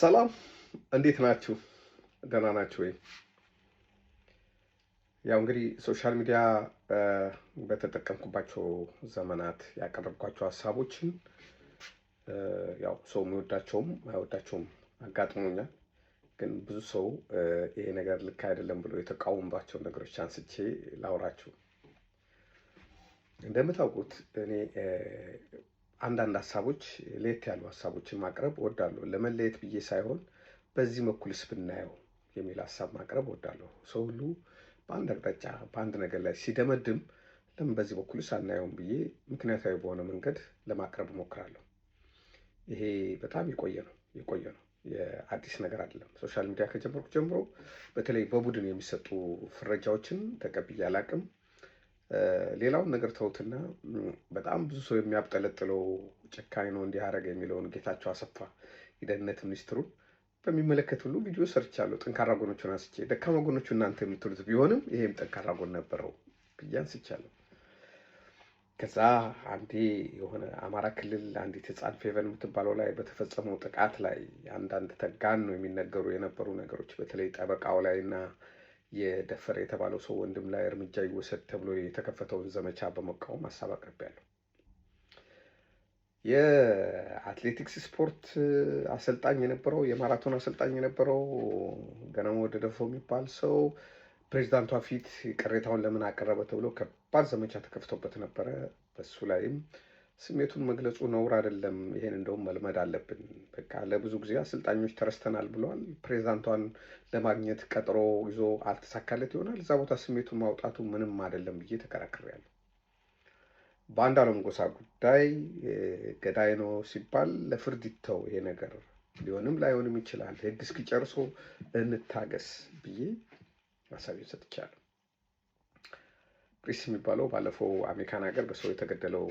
ሰላም እንዴት ናችሁ? ደህና ናችሁ ወይ? ያው እንግዲህ ሶሻል ሚዲያ በተጠቀምኩባቸው ዘመናት ያቀረብኳቸው ሀሳቦችን ያው ሰው የሚወዳቸውም አይወዳቸውም አጋጥሞኛል። ግን ብዙ ሰው ይሄ ነገር ልክ አይደለም ብሎ የተቃወምባቸው ነገሮች አንስቼ ላውራችሁ። እንደምታውቁት እኔ አንዳንድ ሀሳቦች ለየት ያሉ ሀሳቦችን ማቅረብ ወዳለሁ። ለመለየት ብዬ ሳይሆን በዚህ በኩልስ ብናየው የሚል ሀሳብ ማቅረብ ወዳለሁ። ሰው ሁሉ በአንድ አቅጣጫ በአንድ ነገር ላይ ሲደመድም ለምን በዚህ በኩልስ አናየውም ብዬ ምክንያታዊ በሆነ መንገድ ለማቅረብ እሞክራለሁ። ይሄ በጣም የቆየ ነው የቆየ ነው የአዲስ ነገር አይደለም። ሶሻል ሚዲያ ከጀመርኩ ጀምሮ በተለይ በቡድን የሚሰጡ ፍረጃዎችን ተቀብዬ አላቅም። ሌላውን ነገር ተውትና በጣም ብዙ ሰው የሚያብጠለጥለው ጨካኝ ነው እንዲህ አደረገ የሚለውን ጌታቸው አሰፋ የደህንነት ሚኒስትሩን በሚመለከት ሁሉ ቪዲዮ ሰርቻለሁ። ጠንካራ ጎኖቹን አንስቼ ደካማ ጎኖቹ እናንተ የምትሉት ቢሆንም ይሄም ጠንካራ ጎን ነበረው ብዬ አንስቻለሁ። ከዛ አንዴ የሆነ አማራ ክልል አንዲት ህፃን ፌቨን የምትባለው ላይ በተፈጸመው ጥቃት ላይ አንዳንድ ተጋን ነው የሚነገሩ የነበሩ ነገሮች በተለይ ጠበቃው ላይ እና የደፈረ የተባለው ሰው ወንድም ላይ እርምጃ ይወሰድ ተብሎ የተከፈተውን ዘመቻ በመቃወም ሀሳብ አቅርቤያለሁ። የአትሌቲክስ ስፖርት አሰልጣኝ የነበረው የማራቶን አሰልጣኝ የነበረው ገናሞ ወደደፈው የሚባል ሰው ፕሬዚዳንቷ ፊት ቅሬታውን ለምን አቀረበ ተብሎ ከባድ ዘመቻ ተከፍቶበት ነበረ። በሱ ላይም ስሜቱን መግለጹ ነውር አይደለም። ይሄን እንደውም መልመድ አለብን። በቃ ለብዙ ጊዜ አሰልጣኞች ተረስተናል ብለዋል። ፕሬዚዳንቷን ለማግኘት ቀጠሮ ይዞ አልተሳካለት ይሆናል። እዛ ቦታ ስሜቱን ማውጣቱ ምንም አይደለም ብዬ ተከራክሬያለሁ። አለም ጎሳ ጉዳይ ገዳይ ነው ሲባል ለፍርድ ይተው ይሄ ነገር ሊሆንም ላይሆንም ይችላል። ህግ እስኪጨርሶ እንታገስ ብዬ ሀሳቤን ሰጥቻለሁ። ሪስ የሚባለው ባለፈው አሜሪካን ሀገር በሰው የተገደለው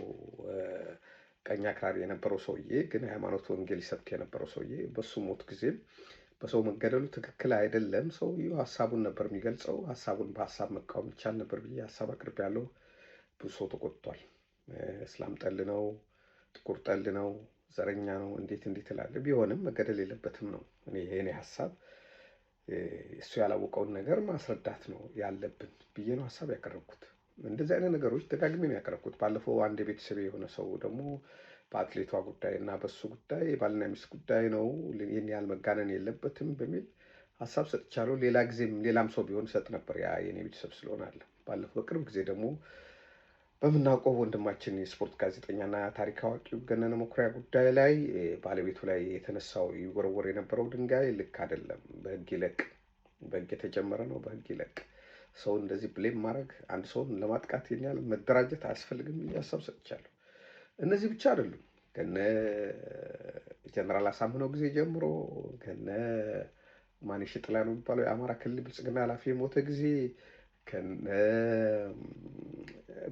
ቀኝ አክራሪ የነበረው ሰውዬ ግን ሃይማኖት ወንጌል ይሰብክ የነበረው ሰውዬ በሱ ሞት ጊዜም በሰው መገደሉ ትክክል አይደለም። ሰውዬው ሀሳቡን ነበር የሚገልጸው። ሀሳቡን በሀሳብ መቃወም ይቻል ነበር ብዬ ሀሳብ አቅርብ ያለው ብዙ ሰው ተቆጥቷል። እስላም ጠል ነው፣ ጥቁር ጠል ነው፣ ዘረኛ ነው፣ እንዴት እንዴት ላለ ቢሆንም መገደል የለበትም ነው የኔ ሀሳብ። እሱ ያላወቀውን ነገር ማስረዳት ነው ያለብን ብዬ ነው ሀሳብ ያቀረብኩት። እንደዚህ አይነት ነገሮች ደጋግሜ ነው ያቀረብኩት። ባለፈው አንድ የቤተሰብ የሆነ ሰው ደግሞ በአትሌቷ ጉዳይ እና በሱ ጉዳይ ባልና ሚስት ጉዳይ ነው፣ ይህን ያህል መጋነን የለበትም በሚል ሀሳብ ሰጥቻለሁ። ሌላ ጊዜም ሌላም ሰው ቢሆን ሰጥ ነበር፣ ያ የኔ ቤተሰብ ስለሆነ አለ። ባለፈው በቅርብ ጊዜ ደግሞ በምናውቀው ወንድማችን የስፖርት ጋዜጠኛና ታሪክ አዋቂው ገነነ መኩሪያ ጉዳይ ላይ ባለቤቱ ላይ የተነሳው ይወረወር የነበረው ድንጋይ ልክ አይደለም፣ በህግ ይለቅ፣ በህግ የተጀመረ ነው፣ በህግ ይለቅ ሰውን እንደዚህ ብሌም ማድረግ አንድ ሰውን ለማጥቃት ይኛል መደራጀት አያስፈልግም ብዬ ሀሳብ ሰጥቻለሁ። እነዚህ ብቻ አይደሉም። ከነ ጀነራል አሳምነው ጊዜ ጀምሮ ከነ ማኔሽ ጥላ ነው የሚባለው የአማራ ክልል ብልጽግና ኃላፊ የሞተ ጊዜ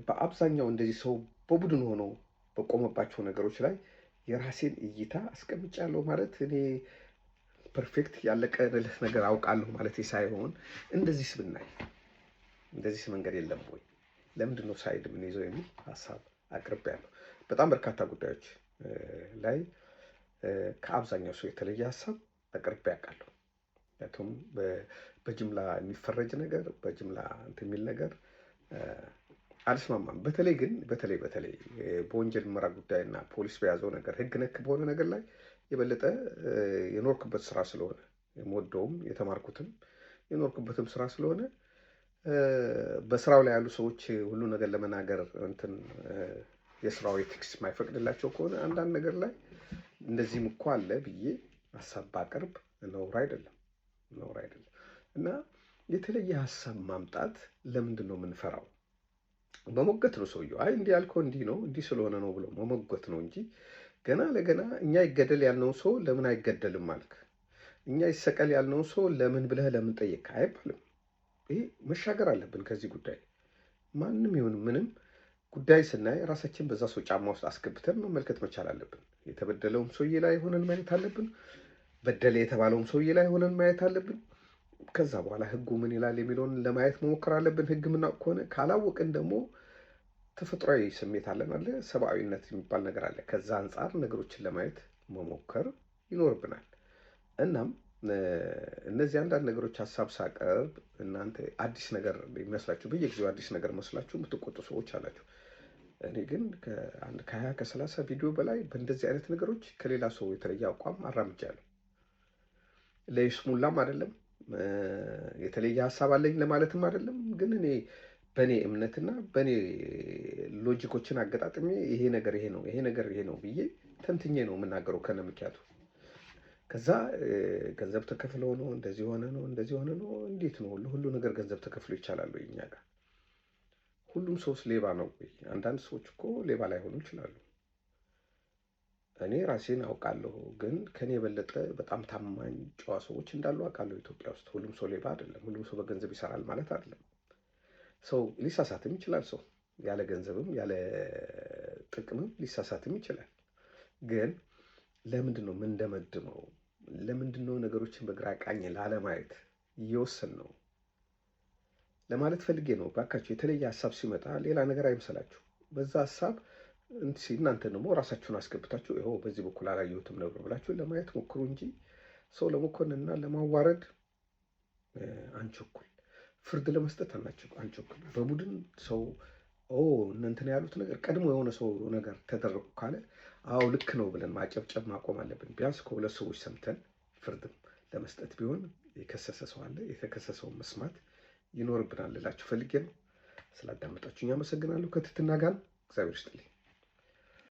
በአብዛኛው እንደዚህ ሰው በቡድን ሆኖ በቆመባቸው ነገሮች ላይ የራሴን እይታ አስቀምጫለሁ። ማለት እኔ ፐርፌክት ያለቀ ነገር አውቃለሁ ማለት ሳይሆን እንደዚህ ስብናይ እንደዚህ መንገድ የለም ወይ? ለምንድን ነው ሳይድ ይዘው የሚል ሀሳብ አቅርቤ ያለው በጣም በርካታ ጉዳዮች ላይ ከአብዛኛው ሰው የተለየ ሀሳብ አቅርቤ ያውቃለሁ። ምክንያቱም በጅምላ የሚፈረጅ ነገር በጅምላ እንትን የሚል ነገር አልስማማም። በተለይ ግን በተለይ በተለይ በወንጀል ምርመራ ጉዳይና ፖሊስ በያዘው ነገር ህግ ነክ በሆነ ነገር ላይ የበለጠ የኖርኩበት ስራ ስለሆነ የምወደውም የተማርኩትም የኖርኩበትም ስራ ስለሆነ በስራው ላይ ያሉ ሰዎች ሁሉ ነገር ለመናገር እንትን የስራው ኤቲክስ የማይፈቅድላቸው ከሆነ አንዳንድ ነገር ላይ እንደዚህም እኮ አለ ብዬ ሀሳብ ባቅርብ ነውር አይደለም፣ ነውር አይደለም። እና የተለየ ሀሳብ ማምጣት ለምንድን ነው የምንፈራው? መሞገት ነው ሰውየው። አይ እንዲህ ያልከው እንዲህ ነው እንዲህ ስለሆነ ነው ብሎ መሞገት ነው እንጂ ገና ለገና እኛ ይገደል ያልነውን ሰው ለምን አይገደልም አልክ፣ እኛ ይሰቀል ያልነውን ሰው ለምን ብለህ ለምን ጠየቅ አይባልም። ይሄ መሻገር አለብን ከዚህ ጉዳይ። ማንም ይሁን ምንም ጉዳይ ስናይ ራሳችን በዛ ሰው ጫማ ውስጥ አስገብተን መመልከት መቻል አለብን። የተበደለውም ሰውዬ ላይ ሆነን ማየት አለብን። በደለ የተባለውም ሰውዬ ላይ ሆነን ማየት አለብን። ከዛ በኋላ ህጉ ምን ይላል የሚለውን ለማየት መሞከር አለብን። ህግ ምናውቅ ከሆነ ካላወቅን ደግሞ ተፈጥሯዊ ስሜት አለን አለ ሰብአዊነት የሚባል ነገር አለ። ከዛ አንጻር ነገሮችን ለማየት መሞከር ይኖርብናል እናም እነዚህ አንዳንድ ነገሮች ሀሳብ ሳቀርብ እናንተ አዲስ ነገር ይመስላችሁ በየጊዜው አዲስ ነገር መስላችሁ የምትቆጡ ሰዎች አላችሁ። እኔ ግን ከአንድ ከሀያ ከሰላሳ ቪዲዮ በላይ በእንደዚህ አይነት ነገሮች ከሌላ ሰው የተለየ አቋም አራምጃለሁ። ለይስሙላም አይደለም የተለየ ሀሳብ አለኝ ለማለትም አይደለም። ግን እኔ በእኔ እምነትና በእኔ ሎጂኮችን አገጣጥሜ ይሄ ነገር ይሄ ነው ይሄ ነገር ይሄ ነው ብዬ ተንትኜ ነው የምናገረው ከነ ምክንያቱ ከዛ ገንዘብ ተከፍለው ነው እንደዚህ ሆነ ነው እንደዚህ ሆነ ነው። እንዴት ነው ሁሉ ሁሉ ነገር ገንዘብ ተከፍሎ ይቻላል ወይ? እኛ ጋር ሁሉም ሰውስ ሌባ ነው ወይ? አንዳንድ ሰዎች እኮ ሌባ ላይሆኑ ይችላሉ። እኔ ራሴን አውቃለሁ፣ ግን ከኔ የበለጠ በጣም ታማኝ ጨዋ ሰዎች እንዳሉ አውቃለሁ ኢትዮጵያ ውስጥ። ሁሉም ሰው ሌባ አይደለም። ሁሉም ሰው በገንዘብ ይሰራል ማለት አይደለም። ሰው ሊሳሳትም ይችላል። ሰው ያለ ገንዘብም ያለ ጥቅምም ሊሳሳትም ይችላል ግን ለምንድን ነው ምንደመድመው? እንደመድመው ለምንድን ነው ነገሮችን በግራ ቃኝ ላለማየት እየወሰን ነው ለማለት ፈልጌ ነው። ባካችሁ የተለየ ሀሳብ ሲመጣ ሌላ ነገር አይምሰላችሁ። በዛ ሀሳብ እናንተ ደግሞ ራሳችሁን አስገብታችሁ ይኸው በዚህ በኩል አላየሁትም ነበር ብላችሁ ለማየት ሞክሩ እንጂ ሰው ለመኮንና ለማዋረድ አንቸኩል። ፍርድ ለመስጠት አንቸኩል። በቡድን ሰው ኦ ያሉት ነገር ቀድሞ የሆነ ሰው ነገር ተደረጉ ካለ አዎ ልክ ነው ብለን ማጨብጨብ ማቆም አለብን። ቢያንስ ከሁለት ሰዎች ሰምተን ፍርድም ለመስጠት ቢሆን የከሰሰ ሰው አለ፣ የተከሰሰውን መስማት ይኖርብናል ልላችሁ ፈልጌ ነው። ስላዳመጣችሁ አመሰግናለሁ። ከትትና ጋር እግዚአብሔር ይስጥልኝ።